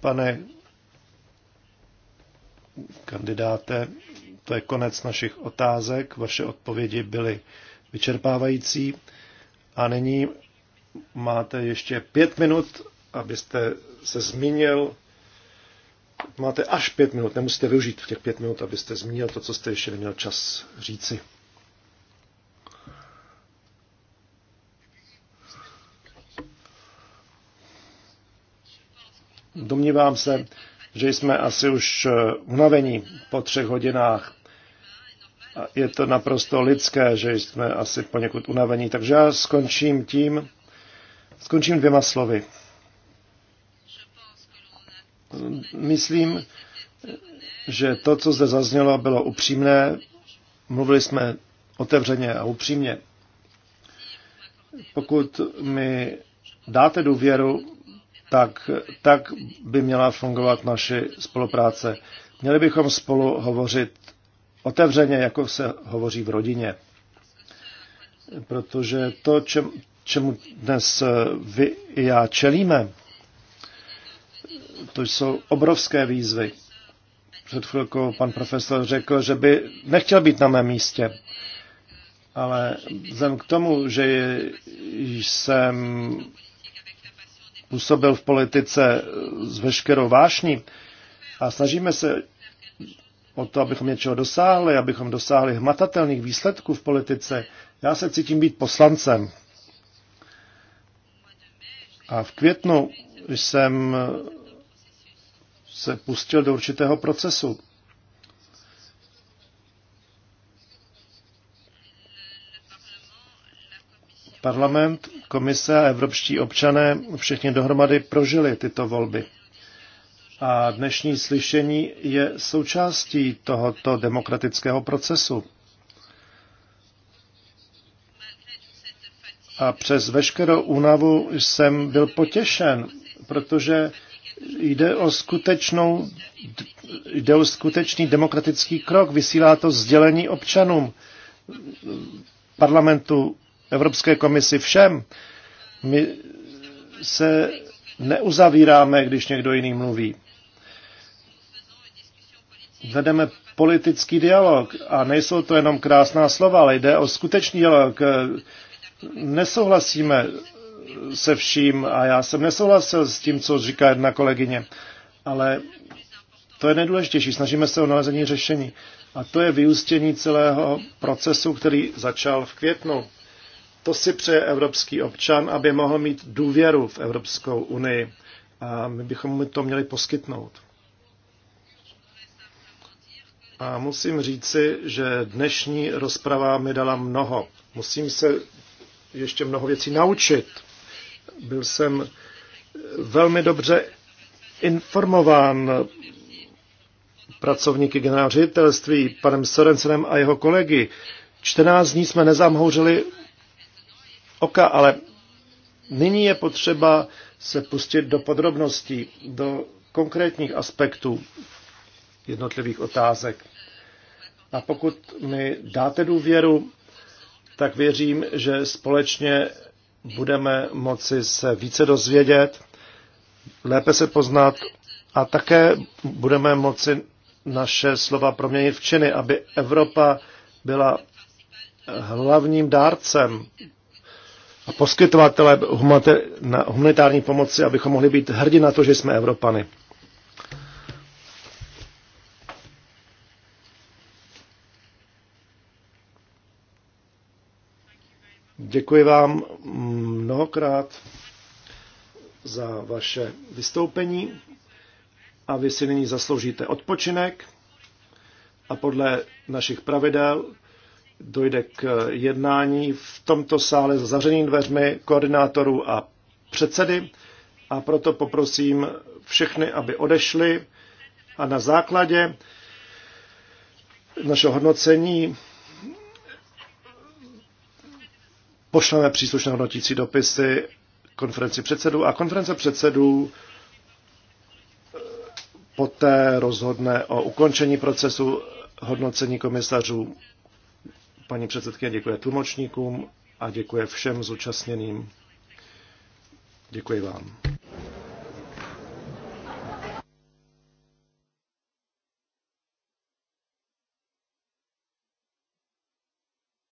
Pane kandidáte, to je konec našich otázek. Vaše odpovědi byly vyčerpávající. A nyní máte ještě pět minut, abyste se zmínil. Máte až pět minut, nemusíte využít těch pět minut, abyste zmínil to, co jste ještě neměl čas říci. Domnívám se, že jsme asi už eh, unavení po třech hodinách. Je to naprosto lidské, že jsme asi poněkud unavení. Takže já skončím tím, skončím dvěma slovy. Myslím, že to, co zde zaznělo, bylo upřímné. Mluvili jsme otevřeně a upřímně. Pokud mi dáte důvěru, tak, tak by měla fungovat naše spolupráce. Měli bychom spolu hovořit otevřeně, jako se hovoří v rodině. Protože to, čem, čemu dnes eh, vy i já čelíme, to jsou obrovské výzvy. Před chvilkou pan profesor řekl, že by nechtěl být na mém místě. Ale vzhledem k tomu, že jsem působil v politice eh, s veškerou vášní a snažíme se o to, abychom něčeho dosáhli, abychom dosáhli hmatatelných výsledků v politice. Já se cítím být poslancem. A v květnu jsem eh, se pustil do určitého procesu. Parlament Komise a evropští občané všichni dohromady prožili tyto volby. A dnešní slyšení je součástí tohoto demokratického procesu. A přes veškerou únavu jsem byl potěšen, protože jde o, skutečnou, jde o skutečný demokratický krok. Vysílá to sdělení občanům parlamentu Evropské komisi všem. My se neuzavíráme, když někdo jiný mluví. Vedeme politický dialog a nejsou to jenom krásná slova, ale jde o skutečný dialog. Nesouhlasíme se vším a já jsem nesouhlasil s tím, co říká jedna kolegyně, ale to je nejdůležitější. Snažíme se o nalezení řešení. A to je vyústění celého procesu, který začal v květnu. To si přeje evropský občan, aby mohl mít důvěru v Evropskou unii. A my bychom mu to měli poskytnout. A musím říci, že dnešní rozprava mi dala mnoho. Musím se ještě mnoho věcí naučit. Byl jsem velmi dobře informován pracovníky generálního ředitelství, panem Sorensenem a jeho kolegy. 14 dní jsme nezamhouřili oka, ale nyní je potřeba se pustit do podrobností, do konkrétních aspektů jednotlivých otázek. A pokud mi dáte důvěru, tak věřím, že společně budeme moci se více dozvědět, lépe se poznat a také budeme moci naše slova proměnit v činy, aby Evropa byla hlavním dárcem a poskytovatele humanitární pomoci, abychom mohli být hrdí na to, že jsme Evropany. Děkuji vám mnohokrát za vaše vystoupení a vy si nyní zasloužíte odpočinek a podle našich pravidel dojde k jednání v tomto sále s zařeným dveřmi koordinátorů a předsedy a proto poprosím všechny, aby odešli a na základě našeho hodnocení pošleme příslušné hodnotící dopisy konferenci předsedů a konference předsedů eh, poté rozhodne o ukončení procesu hodnocení komisařů Paní předsedkyně děkuje tlumočníkům a děkuje všem zúčastněným. Děkuji vám.